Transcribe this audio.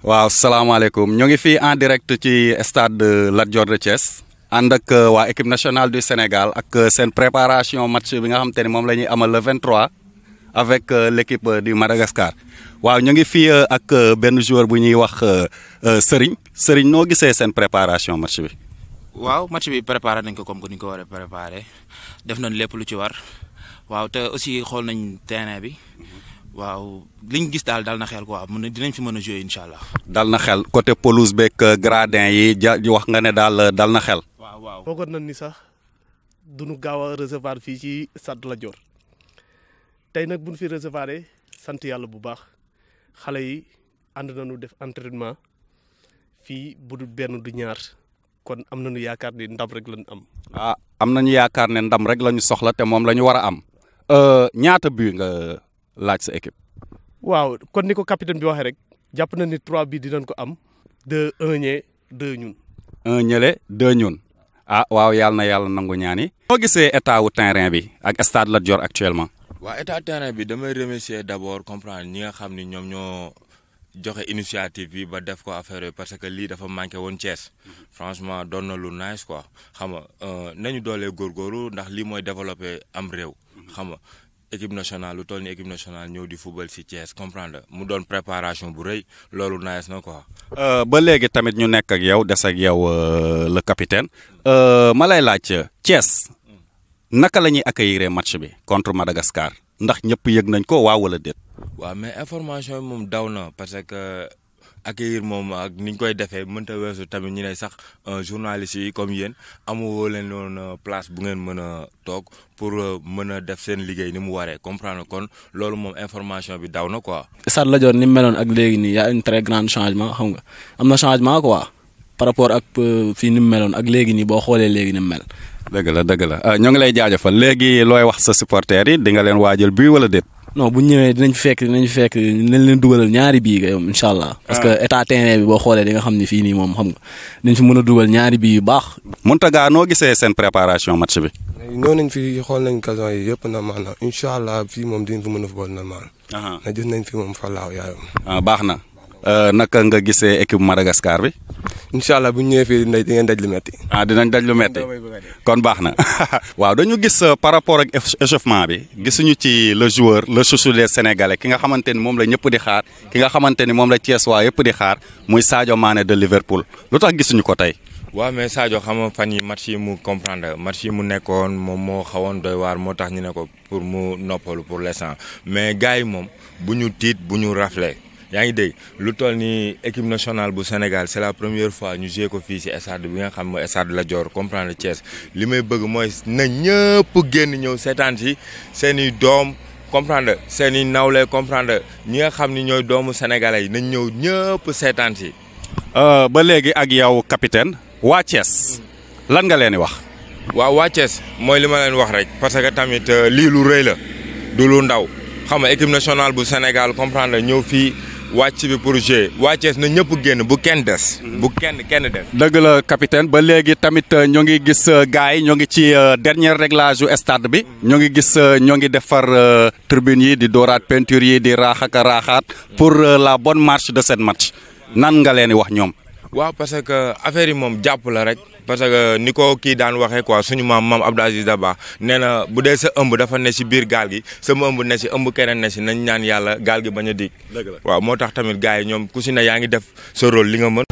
waaw salaamaaleykum ñoo ngi fii en direct ci stade Lat Dior de Thiès ànd ak euh, waa équipe nationale du Sénégal ak euh, seen préparation match bi nga xam te ni moom la ñuy amal le 23 avec euh, l'équipe du Madagascar waaw ñu ngi fii ak benn joueur bu ñuy wax Serigne Serigne noo gisee seen préparation match bi. waaw match bi préparé nañ ko comme ni ñu ko war a préparé def nañ lépp lu ci war waaw te aussi xool nañ terrain bi. waaw li gis daal dal na xel quoi mën na dinañ fi mën a jouer incha allah. dal na xel côté pelouse beeg euh, gradin yi ja wax nga ne daal euh, dal na xel. waaw waaw foogoon nañ ni sax du nu gaaw a recevoir fii ci Stade la Dior tey nag bu ñu fi recevoir sant yàlla bu baax xale yi ànd nañu def entraînement fii bu benn du ñaar kon am nañu yaakaar ni ndam rek lañu am. ah am nañu yaakaar ne ndam rek la soxla te moom la ñu war a am euh, ñaata bu nga. laaj sa équipe. waaw kon ni ko capitaine bi waxee rek jàpp na ni trois bi dinañ ko am. deux un ñe deux ñun. un ah waaw yàlla na yàlla nangu ñaani. moo gisee état wu terrain bi ak stade Lat Dior actuellement. waa état terrain bi damay remercier d' abord comprendre ñi nga xam ni ñoom ñoo joxe initiative bi ba def ko affaire yi parce que lii dafa manqué woon Thiès franchement doon na lu nice quoi xam nga euh, nañu doolee góorgóorlu ndax lii mooy développé am réew xam nga équipe nationale lu toll ni équipe nationale ñëw di football si Thiès comprendre mu doon préparation bu rëy loolu nice na quoi. Euh, ba léegi tamit ñu nekk ak yow des ak yow euh, le capitaine euh, ma lay laaj Thiès naka lañuy ñuy accueillir match bi contre Madagascar ndax ñëpp yëg nañ ko waaw wala déet. waaw mais information moom daw na parce que. accueillir moom ak ni ñu koy defee mënta weesu tamit ñu ne sax euh, journaliste yi comme yéen amuwoo leen noonu euh, place bu ngeen mën a toog pour euh, mën a def seen liggéey ni mu waree comprendre kon loolu moom information bi daw na ko Stade Lat Dior ni mu meloon ak léegi nii y a un grand changement xam nga am na changement quoi par rapport ak fii ni mu meloon ak léegi nii boo xoolee léegi ni mu mel. dëgg la dëgg la ñoo ngi lay jaajëfal léegi looy wax sa supporters yi di leen waajal bii wala déet. non bu ñëwee dinañ fekk dinañ fekk nañ leen dugalal ñaari bii kay incha allah. Ah. parce que état terrain bi boo xoolee di nga xam ni fii nii moom xam nga dinañ fi mën a dugal ñaari bii yu baax. Mountaga noo gisee seen préparation match bi. nañ fi xool nañ gazon yi yëpp normal na incha allah fii moom dinañ fi mën a football normal. na gis nañ fi moom fa laaw yaayam. Ah, baax na euh, naka nga gisee équipe Madagascar bi. incha allah bu ñu ñëwee fii ndaj ngeen daj lu metti ah dinañ daj lu metti kon baax na waaw dañu gis euh, par rapport ak échauffement bi gisuñu ci le joueur le chouchou des sénégalais ki nga xamante ni moom la ñëpp di xaar ki nga xamante ni moom la Thiès waa yëpp di xaar muy Sadio Mané de Liverpool lu tax gisuñu ko tey. waaw mais Sadio xam nga fan yi match mu comprendre match yi mu nekkoon moom moo xawoon doy waar moo tax ñu ne ko pour mu noppalu pour le l'instant mais gars yi moom bu ñu tiit bu ñu rafle yaa ngi dégg lu toll ni équipe nationale bu Sénégal c'est la première fois ñu joué ko fii si stade bi nga xam mooy stade Lat Dior comprendre Thiès li may bëgg mooy na ñëpp génn ñëw seetaan ci seeni doom comprendre seen i nawle comprendre ñi nga xam ni ñooy doomu sénégalais yi nañ ñëw ñëpp seetaan ci. Euh, ba léegi ak yow capitaine waa lan nga leen di wax. waaw waa Thiès mooy li ma leen wax rek parce que tamit euh, lii lu rëy la du lu ndaw xam nga équipe nationale bu Sénégal comprendre fii. wàcc bi pour jouer wàccees na ñëpp génn bu kenn des. Mhm. bu kenn kenn des. dëgg la capitaine ba léegi tamit euh, ñoo ngi gis euh, gars yi ñoo ngi ci euh, dernier réglage yu stade bi. Mhm. ñoo ngi gis ñoo ngi defar tribune yi di dooraat peinture yi di raax ak raaxaat pour la bonne marche de cette match nan nga leen di wax ñoom. waaw parce que affaire yi moom jàpp la rek parce que ni ko kii daan waxee quoi suñu maam maam Abdou Aziz Dabakh nee bu dee sa ëmb dafa ne si biir gaal gi sama ëmb ne si ëmb keneen ne si nañ ñaan yàlla gaal gi bañ a dig waaw moo tax tamit gars yi ñoom ku si ne yaa ngi def sa rôle li nga mën